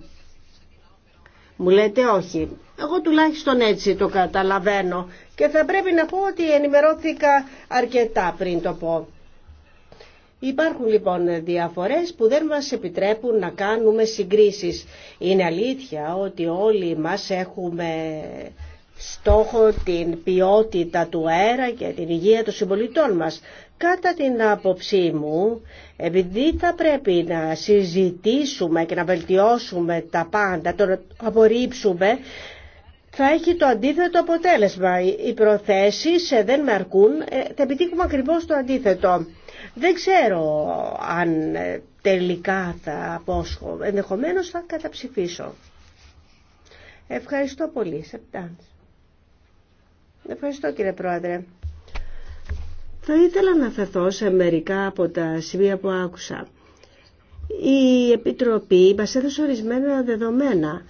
Μου λέτε όχι. Εγώ τουλάχιστον έτσι το καταλαβαίνω και θα πρέπει να πω ότι ενημερώθηκα αρκετά πριν το πω. Υπάρχουν λοιπόν διαφορές που δεν μας επιτρέπουν να κάνουμε συγκρίσεις. Είναι αλήθεια ότι όλοι μας έχουμε στόχο την ποιότητα του αέρα και την υγεία των συμπολιτών μας. Κατά την άποψή μου, επειδή θα πρέπει να συζητήσουμε και να βελτιώσουμε τα πάντα, το να απορρίψουμε, θα έχει το αντίθετο αποτέλεσμα. Οι προθέσεις ε, δεν με αρκούν, ε, θα επιτύχουμε ακριβώς το αντίθετο. Δεν ξέρω αν ε, τελικά θα απόσχω, ενδεχομένως θα καταψηφίσω. Ευχαριστώ πολύ, Σε Ευχαριστώ κύριε Πρόεδρε. Θα ήθελα να θεωρώ σε μερικά από τα σημεία που άκουσα. Η Επιτροπή μας έδωσε ορισμένα δεδομένα.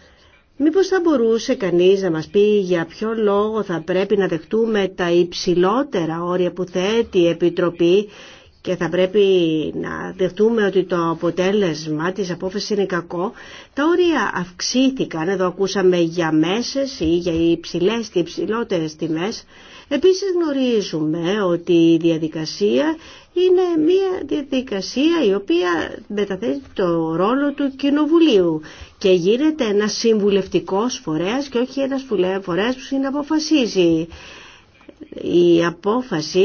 Μήπως θα μπορούσε κανείς να μας πει για ποιο λόγο θα πρέπει να δεχτούμε τα υψηλότερα όρια που θέτει η Επιτροπή και θα πρέπει να δεχτούμε ότι το αποτέλεσμα της απόφασης είναι κακό, τα όρια αυξήθηκαν, εδώ ακούσαμε για μέσες ή για υψηλές και υψηλότερες τιμές. Επίσης γνωρίζουμε ότι η διαδικασία είναι μια διαδικασία η οποία μεταθέτει το ρόλο του Κοινοβουλίου και γίνεται ένας συμβουλευτικός φορέας και όχι ένας φορέας που συναποφασίζει. Η απόφαση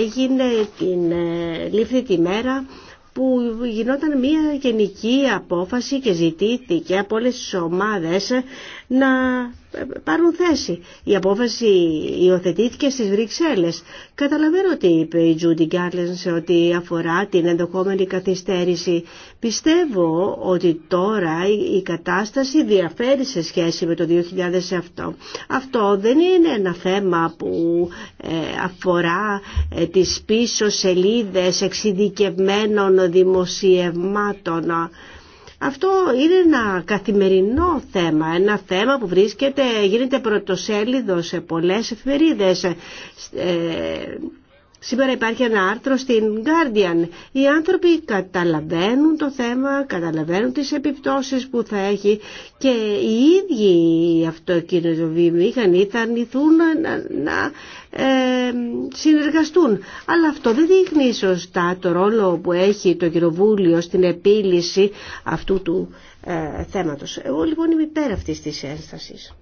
έγινε την, ε, λήφθη μέρα που γινόταν μια γενική απόφαση και ζητήθηκε από όλες τις ομάδες να πάρουν θέση. Η απόφαση υιοθετήθηκε στις Βρυξέλλες. Καταλαβαίνω ότι είπε η Τζούντι Γκάρλεν σε ό,τι αφορά την ενδεχόμενη καθυστέρηση. Πιστεύω ότι τώρα η κατάσταση διαφέρει σε σχέση με το 2007. Αυτό δεν είναι ένα θέμα που ε, αφορά ε, τις πίσω σελίδες εξειδικευμένων δημοσιευμάτων. Αυτό είναι ένα καθημερινό θέμα, ένα θέμα που βρίσκεται, γίνεται πρωτοσέλιδο σε πολλές εφημερίδες. Ε, Σήμερα υπάρχει ένα άρθρο στην Guardian. Οι άνθρωποι καταλαβαίνουν το θέμα, καταλαβαίνουν τις επιπτώσεις που θα έχει και οι ίδιοι οι αυτοκινητοβιομηχανοί θα αρνηθούν να, ε, συνεργαστούν. Αλλά αυτό δεν δείχνει σωστά το ρόλο που έχει το Κοινοβούλιο στην επίλυση αυτού του ε, θέματος. Εγώ λοιπόν είμαι υπέρ αυτής της ένστασης.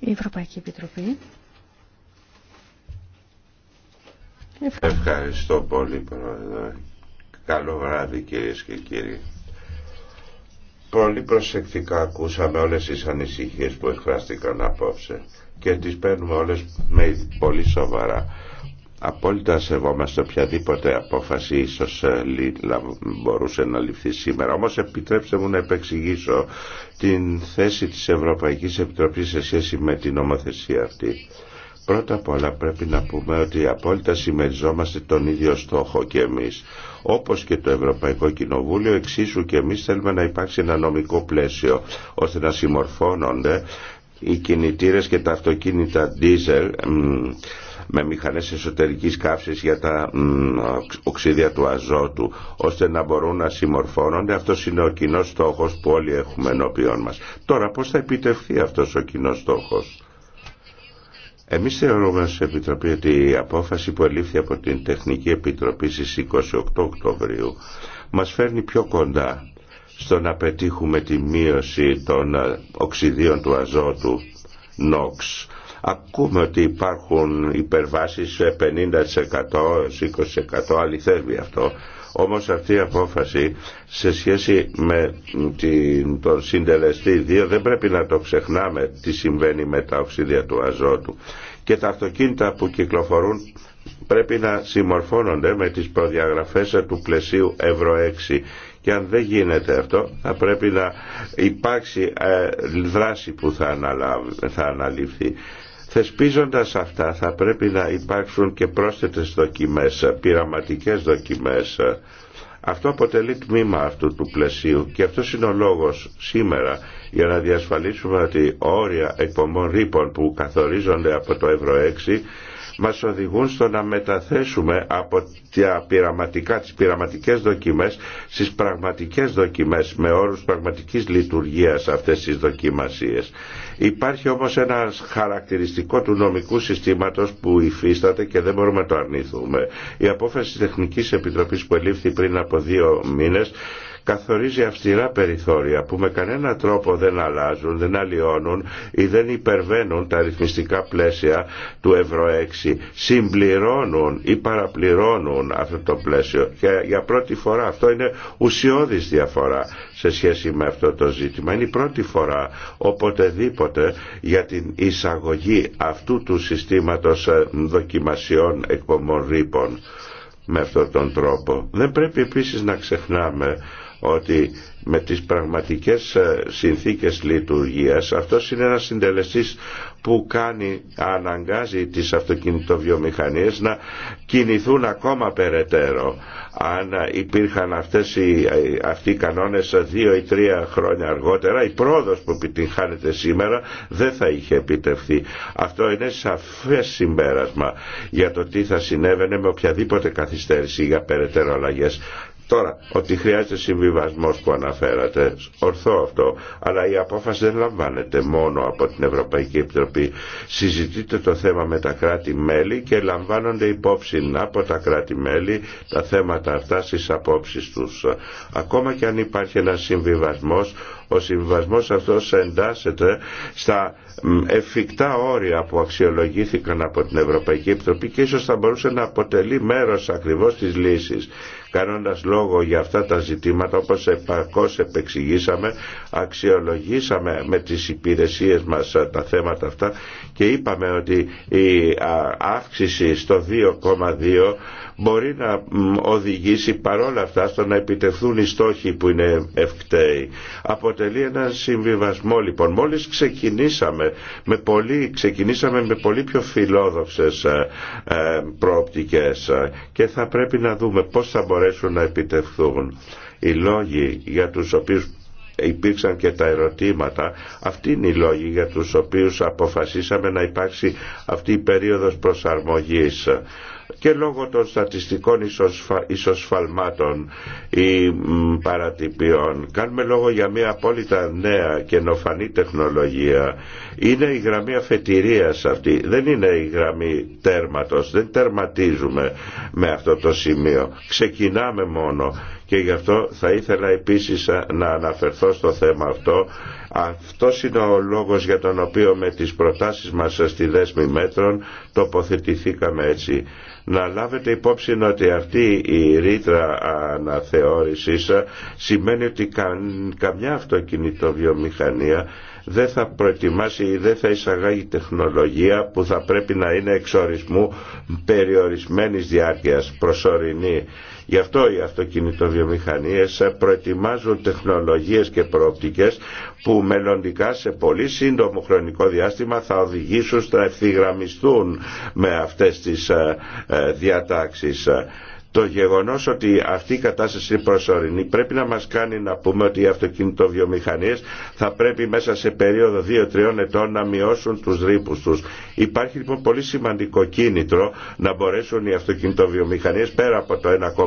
Ευρωπαϊκή Ευχαριστώ πολύ, Πρόεδρε. Καλό βράδυ, κυρίες και κύριοι. Πολύ προσεκτικά ακούσαμε όλες τις ανησυχίες που εκφράστηκαν απόψε και τις παίρνουμε όλες με πολύ σοβαρά. Απόλυτα σεβόμαστε οποιαδήποτε απόφαση ίσως ε, μπορούσε να ληφθεί σήμερα. Όμως επιτρέψτε μου να επεξηγήσω την θέση της Ευρωπαϊκής Επιτροπής σε σχέση με την νομοθεσία αυτή. Πρώτα απ' όλα πρέπει να πούμε ότι απόλυτα συμμεριζόμαστε τον ίδιο στόχο και εμείς. Όπως και το Ευρωπαϊκό Κοινοβούλιο, εξίσου και εμείς θέλουμε να υπάρξει ένα νομικό πλαίσιο, ώστε να συμμορφώνονται οι κινητήρες και τα αυτοκίνητα diesel με μηχανές εσωτερικής καύσης για τα οξύδια του αζότου ώστε να μπορούν να συμμορφώνονται. Αυτός είναι ο κοινό στόχος που όλοι έχουμε ενώπιόν μας. Τώρα πώς θα επιτευχθεί αυτός ο κοινό στόχος. Εμείς θεωρούμε σε Επιτροπή ότι η απόφαση που ελήφθη από την Τεχνική Επιτροπή στις 28 Οκτωβρίου μας φέρνει πιο κοντά στο να πετύχουμε τη μείωση των ε, οξυδίων του αζότου νοξ Ακούμε ότι υπάρχουν υπερβάσεις 50%, 20% αληθεύει αυτό. Όμως αυτή η απόφαση σε σχέση με την, τον συντελεστή 2 δεν πρέπει να το ξεχνάμε τι συμβαίνει με τα οξύδια του αζότου. Και τα αυτοκίνητα που κυκλοφορούν πρέπει να συμμορφώνονται με τις προδιαγραφές του πλαισίου Ευρω 6 και αν δεν γίνεται αυτό θα πρέπει να υπάρξει ε, δράση που θα, αναλάβει, θα αναλυφθεί. Θεσπίζοντας αυτά θα πρέπει να υπάρξουν και πρόσθετες δοκιμές, πειραματικές δοκιμές. Αυτό αποτελεί τμήμα αυτού του πλαισίου και αυτό είναι ο λόγος σήμερα για να διασφαλίσουμε ότι όρια εκπομπών που καθορίζονται από το Ευρω μας οδηγούν στο να μεταθέσουμε από τα πειραματικά, τις πειραματικές δοκιμές στις πραγματικές δοκιμές με όρους πραγματικής λειτουργίας αυτές τις δοκιμασίες. Υπάρχει όμως ένα χαρακτηριστικό του νομικού συστήματος που υφίσταται και δεν μπορούμε να το αρνηθούμε. Η απόφαση της Τεχνικής Επιτροπής που ελήφθη πριν από δύο μήνες καθορίζει αυστηρά περιθώρια που με κανένα τρόπο δεν αλλάζουν, δεν αλλοιώνουν ή δεν υπερβαίνουν τα ρυθμιστικά πλαίσια του Ευρω 6. Συμπληρώνουν ή παραπληρώνουν αυτό το πλαίσιο και για πρώτη φορά αυτό είναι ουσιώδης διαφορά σε σχέση με αυτό το ζήτημα. Είναι η πρώτη φορά οποτεδήποτε για την εισαγωγή αυτού του συστήματος ε, δοκιμασιών εκπομπών ρήπων με αυτόν τον τρόπο. Δεν πρέπει επίσης να ξεχνάμε ότι με τις πραγματικές ε, συνθήκες λειτουργίας αυτό είναι ένας συντελεστής που κάνει, αναγκάζει τις αυτοκινητοβιομηχανίες να κινηθούν ακόμα περαιτέρω. Αν υπήρχαν αυτές οι, αυτοί οι κανόνες δύο ή τρία χρόνια αργότερα, η πρόοδος που επιτυγχάνεται σήμερα δεν θα είχε επιτευχθεί. Αυτό είναι σαφές συμπέρασμα για το τι θα συνέβαινε με οποιαδήποτε καθυστέρηση για περαιτέρω αλλαγές. Τώρα, ότι χρειάζεται συμβιβασμό που αναφέρατε, ορθό αυτό, αλλά η απόφαση δεν λαμβάνεται μόνο από την Ευρωπαϊκή Επιτροπή. Συζητείται το θέμα με τα κράτη-μέλη και λαμβάνονται υπόψη από τα κράτη-μέλη τα θέματα αυτά στι απόψει του. Ακόμα και αν υπάρχει ένα συμβιβασμό, ο συμβασμός αυτός εντάσσεται στα εφικτά όρια που αξιολογήθηκαν από την Ευρωπαϊκή Επιτροπή και ίσως θα μπορούσε να αποτελεί μέρος ακριβώς της λύσης κάνοντας λόγο για αυτά τα ζητήματα όπως επαρκώς επεξηγήσαμε αξιολογήσαμε με τις υπηρεσίες μας τα θέματα αυτά και είπαμε ότι η αύξηση στο 2,2 μπορεί να οδηγήσει παρόλα αυτά στο να επιτευχθούν οι στόχοι που είναι ευκταίοι. Αποτελεί ένα συμβιβασμό λοιπόν. Μόλις ξεκινήσαμε με πολύ, ξεκινήσαμε με πολύ πιο φιλόδοξες ε, ε, προοπτικές ε, και θα πρέπει να δούμε πώς θα μπορέσουν να επιτευχθούν οι λόγοι για τους οποίους υπήρξαν και τα ερωτήματα. Αυτοί είναι οι λόγοι για τους οποίους αποφασίσαμε να υπάρξει αυτή η περίοδος προσαρμογής και λόγω των στατιστικών ισοσφαλμάτων ή παρατυπιών. Κάνουμε λόγο για μια απόλυτα νέα και νοφανή τεχνολογία. Είναι η γραμμή αφετηρίας αυτή. Δεν είναι η γραμμή τέρματος. Δεν τερματίζουμε με αυτό το σημείο. Ξεκινάμε μόνο και γι' αυτό θα ήθελα επίσης ε, να αναφερθώ στο θέμα αυτό. Αυτό είναι ο λόγος για τον οποίο με τις προτάσεις μας ε, στη δέσμη μέτρων τοποθετηθήκαμε έτσι. Να λάβετε υπόψη ότι αυτή η ρήτρα αναθεώρησης ε, σημαίνει ότι καμιά αυτοκινητοβιομηχανία δεν θα προετοιμάσει ή δεν θα εισαγάγει τεχνολογία που θα πρέπει να είναι εξορισμού περιορισμένης διάρκειας, προσωρινή Γι' αυτό οι αυτοκινητοβιομηχανίες προετοιμάζουν τεχνολογίες και προοπτικές που μελλοντικά σε πολύ σύντομο χρονικό διάστημα θα οδηγήσουν θα ευθυγραμμιστούν με αυτές τις ε, ε, διατάξεις. Το γεγονός ότι αυτή η κατάσταση είναι προσωρινή πρέπει να μας κάνει να πούμε ότι οι αυτοκινητοβιομηχανίες θα πρέπει μέσα σε περίοδο 2-3 ετών να μειώσουν τους ρήπους τους. Υπάρχει λοιπόν πολύ σημαντικό κίνητρο να μπορέσουν οι αυτοκινητοβιομηχανίες πέρα από το 1,1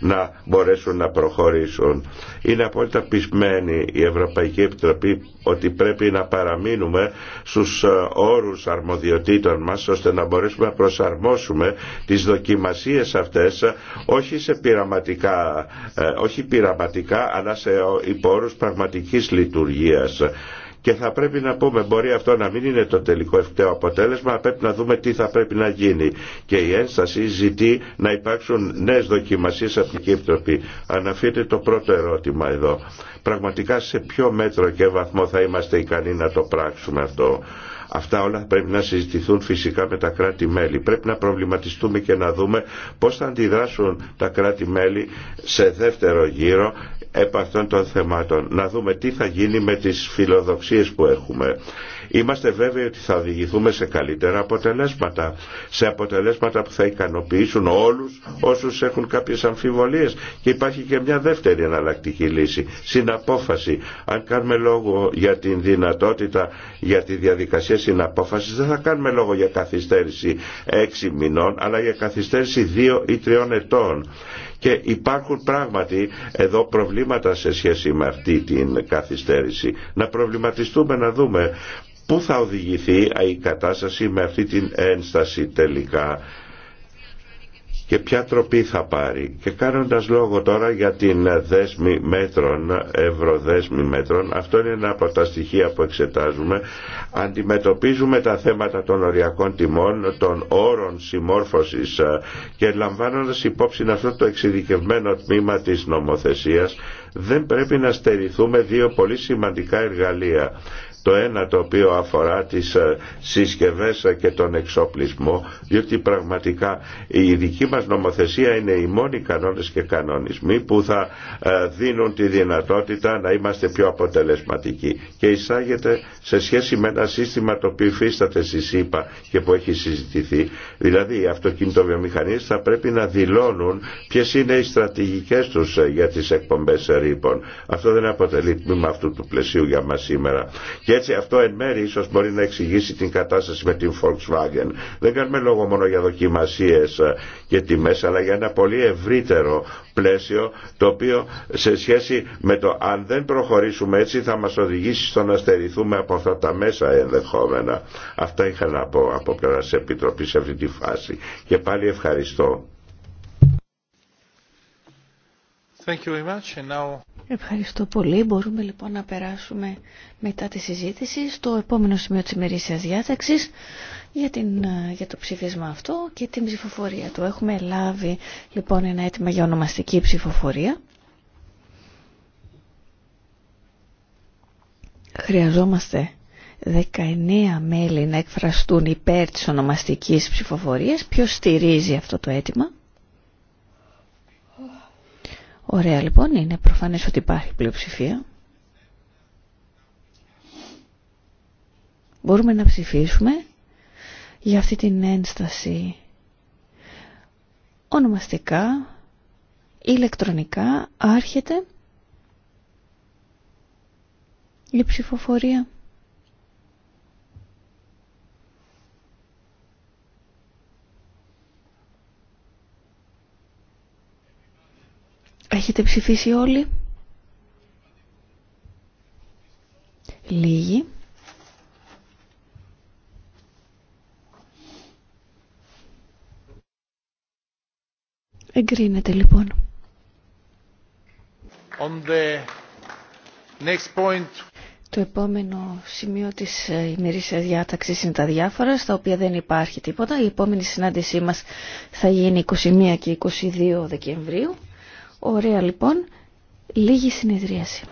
να μπορέσουν να προχωρήσουν. Είναι απόλυτα πεισμένη η Ευρωπαϊκή Επιτροπή ότι πρέπει να παραμείνουμε στους ε, όρους αρμοδιοτήτων μας ώστε να μπορέσουμε να προσαρμόσουμε τις δοκιμασίες αυτές ε, όχι, σε πειραματικά, ε, όχι πειραματικά αλλά σε ε, υπόρους πραγματικής λειτουργίας. Και θα πρέπει να πούμε, μπορεί αυτό να μην είναι το τελικό ευκταίο αποτέλεσμα, αλλά πρέπει να δούμε τι θα πρέπει να γίνει. Και η ένσταση ζητεί να υπάρξουν νέες δοκιμασίες από την Κύπτροπη το πρώτο ερώτημα εδώ. Πραγματικά σε ποιο μέτρο και βαθμό θα είμαστε ικανοί να το πράξουμε αυτό. Αυτά όλα πρέπει να συζητηθούν φυσικά με τα κράτη-μέλη. Πρέπει να προβληματιστούμε και να δούμε πώς θα αντιδράσουν τα κράτη-μέλη σε δεύτερο γύρο επ' αυτών των θεμάτων. Να δούμε τι θα γίνει με τις φιλοδοξίες που έχουμε. Είμαστε βέβαιοι ότι θα οδηγηθούμε σε καλύτερα αποτελέσματα, σε αποτελέσματα που θα ικανοποιήσουν όλους όσους έχουν κάποιες αμφιβολίες και υπάρχει και μια δεύτερη εναλλακτική λύση, συναπόφαση. Αν κάνουμε λόγο για την δυνατότητα για τη διαδικασία συναπόφασης δεν θα κάνουμε λόγο για καθυστέρηση έξι μηνών αλλά για καθυστέρηση δύο ή τριών ετών και υπάρχουν πράγματι εδώ προβλήματα σε σχέση με αυτή την καθυστέρηση. Να προβληματιστούμε να δούμε πού θα οδηγηθεί η κατάσταση με αυτή την ένσταση τελικά και ποια τροπή θα πάρει. Και κάνοντας λόγο τώρα για την δέσμη μέτρων, ευρωδέσμη μέτρων, αυτό είναι ένα από τα στοιχεία που εξετάζουμε, αντιμετωπίζουμε τα θέματα των οριακών τιμών, των όρων συμμόρφωσης ε, και λαμβάνοντας υπόψη αυτό το εξειδικευμένο τμήμα της νομοθεσίας, δεν πρέπει να στερηθούμε δύο πολύ σημαντικά εργαλεία το ένα το οποίο αφορά τις ε, συσκευές ε, και τον εξοπλισμό, διότι πραγματικά η δική μας νομοθεσία είναι οι μόνοι κανόνες και κανονισμοί που θα ε, δίνουν τη δυνατότητα να είμαστε πιο αποτελεσματικοί. Και εισάγεται σε σχέση με ένα σύστημα το οποίο υφίσταται στη ΣΥΠΑ και που έχει συζητηθεί. Δηλαδή οι αυτοκινητοβιομηχανίες θα πρέπει να δηλώνουν ποιες είναι οι στρατηγικές τους για τις εκπομπές ρήπων. Αυτό δεν αποτελεί τμήμα αυτού του πλαισίου για μας σήμερα. Και έτσι αυτό εν μέρει ίσως μπορεί να εξηγήσει την κατάσταση με την Volkswagen. Δεν κάνουμε λόγο μόνο για δοκιμασίες ε, και τιμές, αλλά για ένα πολύ ευρύτερο πλαίσιο, το οποίο σε σχέση με το αν δεν προχωρήσουμε έτσι θα μας οδηγήσει στο να στερηθούμε από αυτά τα μέσα ενδεχόμενα. Αυτά είχα να πω από πλευρά τη Επιτροπή σε αυτή τη φάση. Και πάλι ευχαριστώ. Ευχαριστώ πολύ. Μπορούμε λοιπόν να περάσουμε μετά τη συζήτηση στο επόμενο σημείο της ημερήσιας διάταξης για, την, ε, για το ψήφισμα αυτό και την ψηφοφορία του. Έχουμε λάβει λοιπόν ένα αίτημα για ονομαστική ψηφοφορία. Χρειαζόμαστε 19 μέλη να εκφραστούν υπέρ της ονομαστικής ψηφοφορίας. Ποιος στηρίζει αυτό το αίτημα. Ωραία λοιπόν, είναι προφανές ότι υπάρχει πλειοψηφία. μπορούμε να ψηφίσουμε για αυτή την ένσταση ονομαστικά, ηλεκτρονικά, άρχεται η ψηφοφορία. Έχετε ψηφίσει όλοι. Λίγοι. Εγκρίνεται λοιπόν. next point. Το επόμενο σημείο της ε, ημερήσιας διάταξης είναι τα διάφορα, στα οποία δεν υπάρχει τίποτα. Η επόμενη συνάντησή μας θα γίνει 21 και 22 Δεκεμβρίου. Ωραία λοιπόν, λίγη συνεδρίαση.